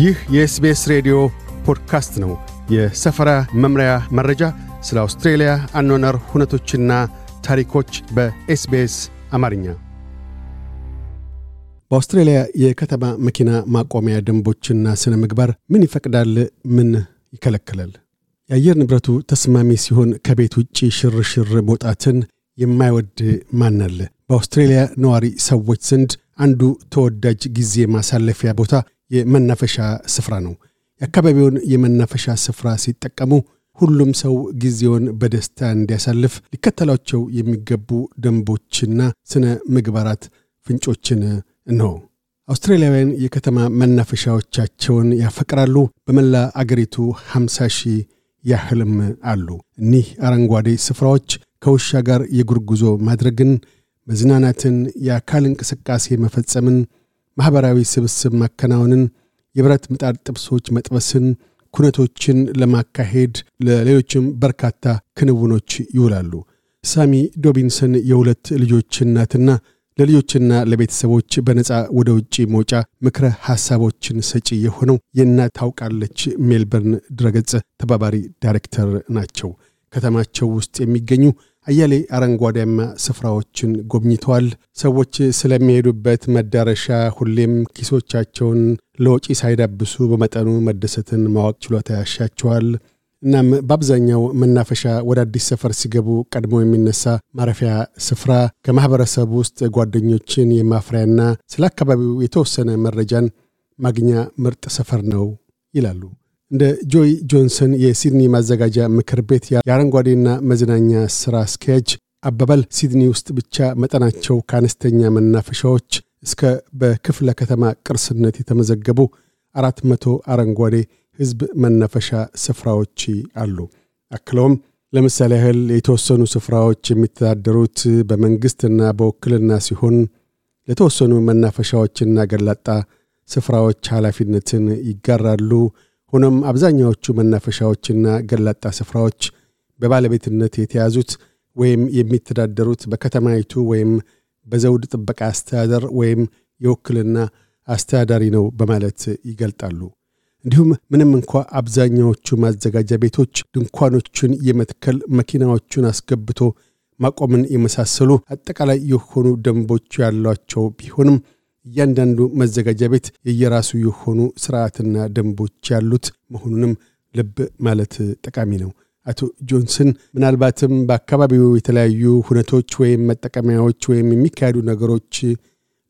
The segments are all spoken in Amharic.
ይህ የኤስቤስ ሬዲዮ ፖድካስት ነው። የሰፈራ መምሪያ መረጃ፣ ስለ አውስትሬልያ አኗነር ሁነቶችና ታሪኮች በኤስቤስ አማርኛ። በአውስትሬልያ የከተማ መኪና ማቆሚያ ደንቦችና ስነ ምግባር ምን ይፈቅዳል? ምን ይከለክላል? የአየር ንብረቱ ተስማሚ ሲሆን ከቤት ውጭ ሽርሽር መውጣትን የማይወድ ማናለ በአውስትሬልያ ነዋሪ ሰዎች ዘንድ አንዱ ተወዳጅ ጊዜ ማሳለፊያ ቦታ የመናፈሻ ስፍራ ነው። የአካባቢውን የመናፈሻ ስፍራ ሲጠቀሙ ሁሉም ሰው ጊዜውን በደስታ እንዲያሳልፍ ሊከተላቸው የሚገቡ ደንቦችና ስነ ምግባራት ፍንጮችን ነው። አውስትራሊያውያን የከተማ መናፈሻዎቻቸውን ያፈቅራሉ። በመላ አገሪቱ 50 ሺህ ያህልም አሉ። እኒህ አረንጓዴ ስፍራዎች ከውሻ ጋር የእግር ጉዞ ማድረግን፣ መዝናናትን፣ የአካል እንቅስቃሴ መፈጸምን ማኅበራዊ ስብስብ ማከናወንን፣ የብረት ምጣድ ጥብሶች መጥበስን፣ ኩነቶችን ለማካሄድ ለሌሎችም በርካታ ክንውኖች ይውላሉ። ሳሚ ዶቢንሰን የሁለት ልጆች እናትና ለልጆችና ለቤተሰቦች በነፃ ወደ ውጭ መውጫ ምክረ ሐሳቦችን ሰጪ የሆነው የእናት ታውቃለች ሜልበርን ድረገጽ ተባባሪ ዳይሬክተር ናቸው። ከተማቸው ውስጥ የሚገኙ አያሌ አረንጓዴማ ስፍራዎችን ጎብኝተዋል። ሰዎች ስለሚሄዱበት መዳረሻ ሁሌም ኪሶቻቸውን ለወጪ ሳይዳብሱ በመጠኑ መደሰትን ማወቅ ችሎታ ያሻቸዋል። እናም በአብዛኛው መናፈሻ ወደ አዲስ ሰፈር ሲገቡ ቀድሞ የሚነሳ ማረፊያ ስፍራ ከማኅበረሰብ ውስጥ ጓደኞችን የማፍሪያና ስለ አካባቢው የተወሰነ መረጃን ማግኛ ምርጥ ሰፈር ነው ይላሉ። እንደ ጆይ ጆንሰን የሲድኒ ማዘጋጃ ምክር ቤት የአረንጓዴና መዝናኛ ስራ አስኪያጅ አባባል ሲድኒ ውስጥ ብቻ መጠናቸው ከአነስተኛ መናፈሻዎች እስከ በክፍለ ከተማ ቅርስነት የተመዘገቡ አራት መቶ አረንጓዴ ህዝብ መናፈሻ ስፍራዎች አሉ። አክለውም ለምሳሌ ያህል የተወሰኑ ስፍራዎች የሚተዳደሩት በመንግሥትና በውክልና ሲሆን ለተወሰኑ መናፈሻዎችና ገላጣ ስፍራዎች ኃላፊነትን ይጋራሉ። ሆኖም አብዛኛዎቹ መናፈሻዎችና ገላጣ ስፍራዎች በባለቤትነት የተያዙት ወይም የሚተዳደሩት በከተማይቱ ወይም በዘውድ ጥበቃ አስተዳደር ወይም የውክልና አስተዳዳሪ ነው በማለት ይገልጣሉ። እንዲሁም ምንም እንኳ አብዛኛዎቹ ማዘጋጃ ቤቶች ድንኳኖቹን የመትከል መኪናዎቹን አስገብቶ ማቆምን የመሳሰሉ አጠቃላይ የሆኑ ደንቦች ያሏቸው ቢሆንም እያንዳንዱ መዘጋጃ ቤት የየራሱ የሆኑ ስርዓትና ደንቦች ያሉት መሆኑንም ልብ ማለት ጠቃሚ ነው። አቶ ጆንሰን ምናልባትም በአካባቢው የተለያዩ ሁነቶች ወይም መጠቀሚያዎች ወይም የሚካሄዱ ነገሮች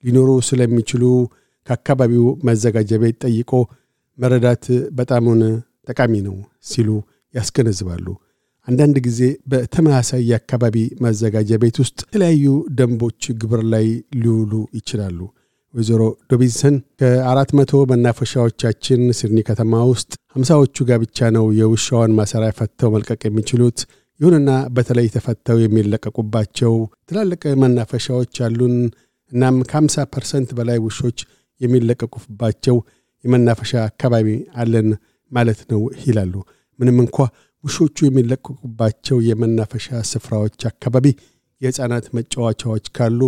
ሊኖሩ ስለሚችሉ ከአካባቢው መዘጋጃ ቤት ጠይቆ መረዳት በጣምን ጠቃሚ ነው ሲሉ ያስገነዝባሉ። አንዳንድ ጊዜ በተመሳሳይ የአካባቢ መዘጋጃ ቤት ውስጥ የተለያዩ ደንቦች ግብር ላይ ሊውሉ ይችላሉ። ወይዘሮ ዶቢንሰን ከአራት መቶ መናፈሻዎቻችን ሲድኒ ከተማ ውስጥ ሀምሳዎቹ ጋር ብቻ ነው የውሻዋን ማሰሪያ ፈተው መልቀቅ የሚችሉት። ይሁንና በተለይ ተፈተው የሚለቀቁባቸው ትላልቅ መናፈሻዎች አሉን። እናም ከ50 ፐርሰንት በላይ ውሾች የሚለቀቁባቸው የመናፈሻ አካባቢ አለን ማለት ነው ይላሉ። ምንም እንኳ ውሾቹ የሚለቀቁባቸው የመናፈሻ ስፍራዎች አካባቢ የሕፃናት መጫወቻዎች ካሉ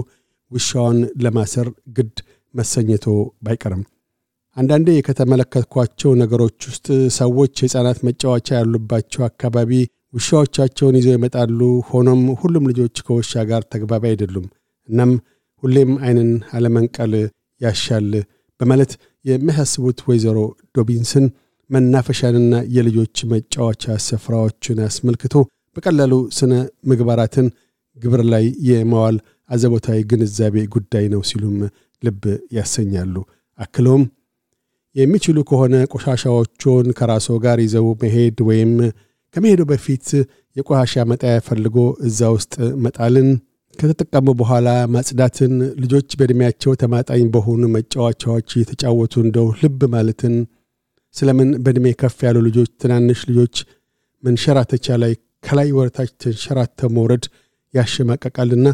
ውሻዋን ለማሰር ግድ መሰኘቶ ባይቀርም አንዳንዴ ከተመለከትኳቸው ነገሮች ውስጥ ሰዎች ሕፃናት መጫወቻ ያሉባቸው አካባቢ ውሻዎቻቸውን ይዘው ይመጣሉ። ሆኖም ሁሉም ልጆች ከውሻ ጋር ተግባቢ አይደሉም። እናም ሁሌም አይንን አለመንቀል ያሻል በማለት የሚያሳስቡት ወይዘሮ ዶቢንስን መናፈሻንና የልጆች መጫወቻ ስፍራዎችን አስመልክቶ በቀላሉ ስነ ምግባራትን ግብር ላይ የመዋል አዘቦታዊ ግንዛቤ ጉዳይ ነው ሲሉም ልብ ያሰኛሉ። አክሎም የሚችሉ ከሆነ ቆሻሻዎቹን ከራሶ ጋር ይዘው መሄድ ወይም ከመሄዱ በፊት የቆሻሻ መጣያ ፈልጎ እዛ ውስጥ መጣልን፣ ከተጠቀሙ በኋላ ማጽዳትን፣ ልጆች በዕድሜያቸው ተማጣኝ በሆኑ መጫወቻዎች የተጫወቱ እንደው ልብ ማለትን፣ ስለምን በዕድሜ ከፍ ያሉ ልጆች ትናንሽ ልጆች መንሸራተቻ ላይ ከላይ ወረታች ተንሸራተ መውረድ ያሸማቀቃልና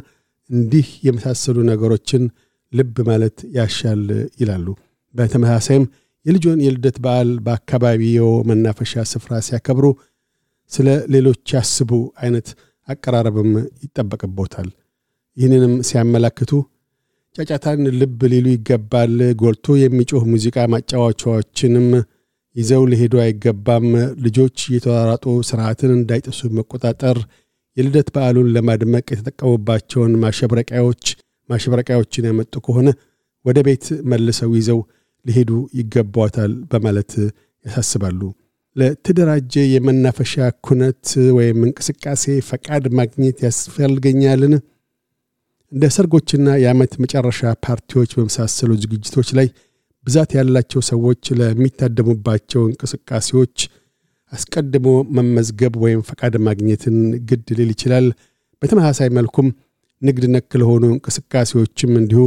እንዲህ የመሳሰሉ ነገሮችን ልብ ማለት ያሻል ይላሉ። በተመሳሳይም የልጆን የልደት በዓል በአካባቢው መናፈሻ ስፍራ ሲያከብሩ ስለ ሌሎች ያስቡ አይነት አቀራረብም ይጠበቅቦታል። ይህንንም ሲያመላክቱ ጫጫታን ልብ ሊሉ ይገባል፣ ጎልቶ የሚጮህ ሙዚቃ ማጫወቻዎችንም ይዘው ሊሄዱ አይገባም፣ ልጆች የተራራጡ ስርዓትን እንዳይጥሱ መቆጣጠር፣ የልደት በዓሉን ለማድመቅ የተጠቀሙባቸውን ማሸብረቂያዎች ማሽበረቂያዎችን ያመጡ ከሆነ ወደ ቤት መልሰው ይዘው ሊሄዱ ይገባታል በማለት ያሳስባሉ። ለተደራጀ የመናፈሻ ኩነት ወይም እንቅስቃሴ ፈቃድ ማግኘት ያስፈልገኛልን? እንደ ሰርጎችና የዓመት መጨረሻ ፓርቲዎች በመሳሰሉ ዝግጅቶች ላይ ብዛት ያላቸው ሰዎች ለሚታደሙባቸው እንቅስቃሴዎች አስቀድሞ መመዝገብ ወይም ፈቃድ ማግኘትን ግድ ሊል ይችላል። በተመሳሳይ መልኩም ንግድ ነክ ለሆኑ እንቅስቃሴዎችም እንዲሁ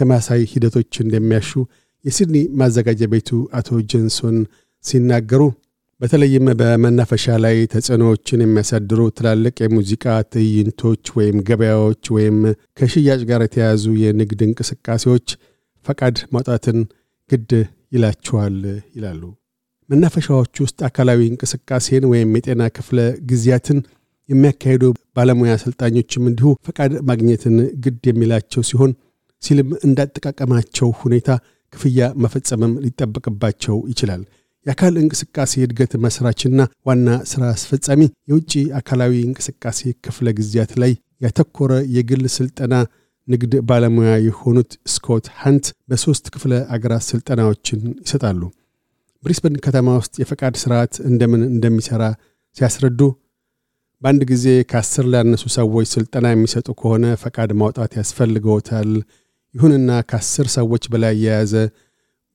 ተመሳሳይ ሂደቶች እንደሚያሹ የሲድኒ ማዘጋጃ ቤቱ አቶ ጀንሶን ሲናገሩ በተለይም በመናፈሻ ላይ ተጽዕኖዎችን የሚያሳድሩ ትላልቅ የሙዚቃ ትዕይንቶች ወይም ገበያዎች ወይም ከሽያጭ ጋር የተያያዙ የንግድ እንቅስቃሴዎች ፈቃድ ማውጣትን ግድ ይላቸዋል ይላሉ። መናፈሻዎች ውስጥ አካላዊ እንቅስቃሴን ወይም የጤና ክፍለ ጊዜያትን የሚያካሄዱ ባለሙያ አሰልጣኞችም እንዲሁ ፈቃድ ማግኘትን ግድ የሚላቸው ሲሆን ሲልም እንዳጠቃቀማቸው ሁኔታ ክፍያ መፈጸምም ሊጠበቅባቸው ይችላል። የአካል እንቅስቃሴ እድገት መስራችና ዋና ስራ አስፈጻሚ የውጭ አካላዊ እንቅስቃሴ ክፍለ ጊዜያት ላይ ያተኮረ የግል ስልጠና ንግድ ባለሙያ የሆኑት ስኮት ሃንት በሦስት ክፍለ አገራት ስልጠናዎችን ይሰጣሉ። ብሪስበን ከተማ ውስጥ የፈቃድ ስርዓት እንደምን እንደሚሠራ ሲያስረዱ በአንድ ጊዜ ከአስር ላነሱ ሰዎች ስልጠና የሚሰጡ ከሆነ ፈቃድ ማውጣት ያስፈልገውታል። ይሁንና ከአስር ሰዎች በላይ የያዘ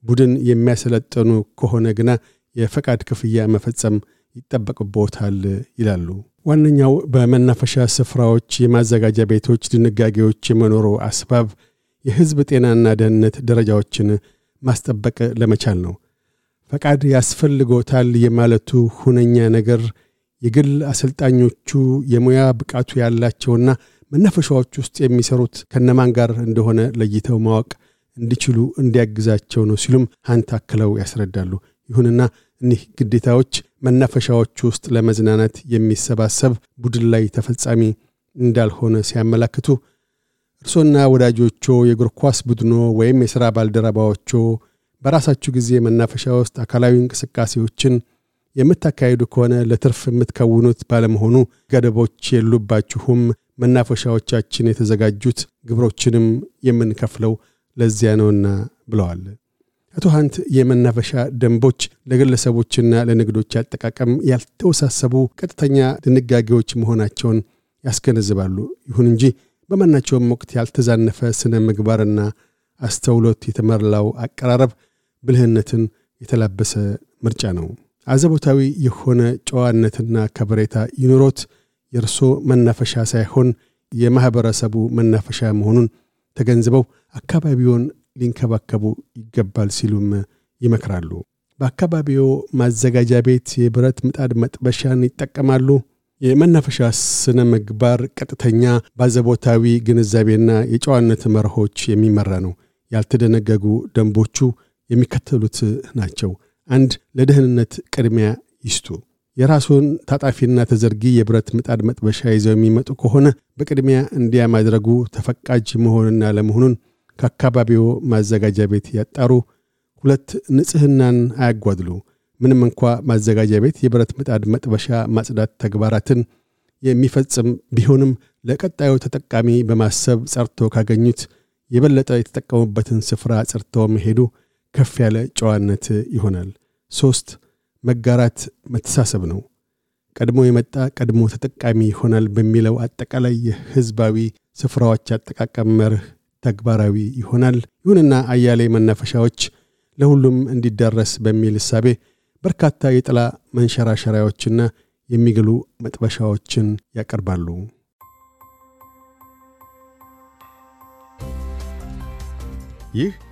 ቡድን የሚያሰለጠኑ ከሆነ ግና የፈቃድ ክፍያ መፈጸም ይጠበቅቦታል ይላሉ። ዋነኛው በመናፈሻ ስፍራዎች፣ የማዘጋጃ ቤቶች ድንጋጌዎች የመኖሩ አስባብ የህዝብ ጤናና ደህንነት ደረጃዎችን ማስጠበቅ ለመቻል ነው። ፈቃድ ያስፈልጎታል የማለቱ ሁነኛ ነገር የግል አሰልጣኞቹ የሙያ ብቃቱ ያላቸውና መናፈሻዎች ውስጥ የሚሰሩት ከነማን ጋር እንደሆነ ለይተው ማወቅ እንዲችሉ እንዲያግዛቸው ነው ሲሉም ሀንት አክለው ያስረዳሉ። ይሁንና እኒህ ግዴታዎች መናፈሻዎች ውስጥ ለመዝናናት የሚሰባሰብ ቡድን ላይ ተፈጻሚ እንዳልሆነ ሲያመላክቱ እርሶና ወዳጆቹ የእግር ኳስ ቡድኖ ወይም የሥራ ባልደረባዎቹ በራሳችሁ ጊዜ መናፈሻ ውስጥ አካላዊ እንቅስቃሴዎችን የምታካሂዱ ከሆነ ለትርፍ የምትከውኑት ባለመሆኑ ገደቦች የሉባችሁም። መናፈሻዎቻችን የተዘጋጁት ግብሮችንም የምንከፍለው ለዚያ ነውና ብለዋል። አቶ ሀንት የመናፈሻ ደንቦች ለግለሰቦችና ለንግዶች አጠቃቀም ያልተወሳሰቡ ቀጥተኛ ድንጋጌዎች መሆናቸውን ያስገነዝባሉ። ይሁን እንጂ በማናቸውም ወቅት ያልተዛነፈ ስነ ምግባርና አስተውሎት የተመላው አቀራረብ ብልህነትን የተላበሰ ምርጫ ነው። አዘቦታዊ የሆነ ጨዋነትና ከበሬታ ይኑሮት የእርሶ መናፈሻ ሳይሆን የማኅበረሰቡ መናፈሻ መሆኑን ተገንዝበው አካባቢውን ሊንከባከቡ ይገባል ሲሉም ይመክራሉ። በአካባቢው ማዘጋጃ ቤት የብረት ምጣድ መጥበሻን ይጠቀማሉ። የመናፈሻ ስነ ምግባር ቀጥተኛ ባዘቦታዊ ግንዛቤና የጨዋነት መርሆች የሚመራ ነው። ያልተደነገጉ ደንቦቹ የሚከተሉት ናቸው። አንድ ለደህንነት ቅድሚያ ይስጡ። የራሱን ታጣፊና ተዘርጊ የብረት ምጣድ መጥበሻ ይዘው የሚመጡ ከሆነ በቅድሚያ እንዲያ ማድረጉ ተፈቃጅ መሆንና ለመሆኑን ከአካባቢው ማዘጋጃ ቤት ያጣሩ። ሁለት ንጽህናን አያጓድሉ። ምንም እንኳ ማዘጋጃ ቤት የብረት ምጣድ መጥበሻ ማጽዳት ተግባራትን የሚፈጽም ቢሆንም ለቀጣዩ ተጠቃሚ በማሰብ ጸርቶ ካገኙት የበለጠ የተጠቀሙበትን ስፍራ ጸርተው መሄዱ ከፍ ያለ ጨዋነት ይሆናል። ሶስት መጋራት መተሳሰብ ነው። ቀድሞ የመጣ ቀድሞ ተጠቃሚ ይሆናል በሚለው አጠቃላይ የህዝባዊ ስፍራዎች አጠቃቀም መርህ ተግባራዊ ይሆናል። ይሁንና አያሌ መናፈሻዎች ለሁሉም እንዲዳረስ በሚል እሳቤ በርካታ የጥላ መንሸራሸሪያዎችና የሚግሉ መጥበሻዎችን ያቀርባሉ። ይህ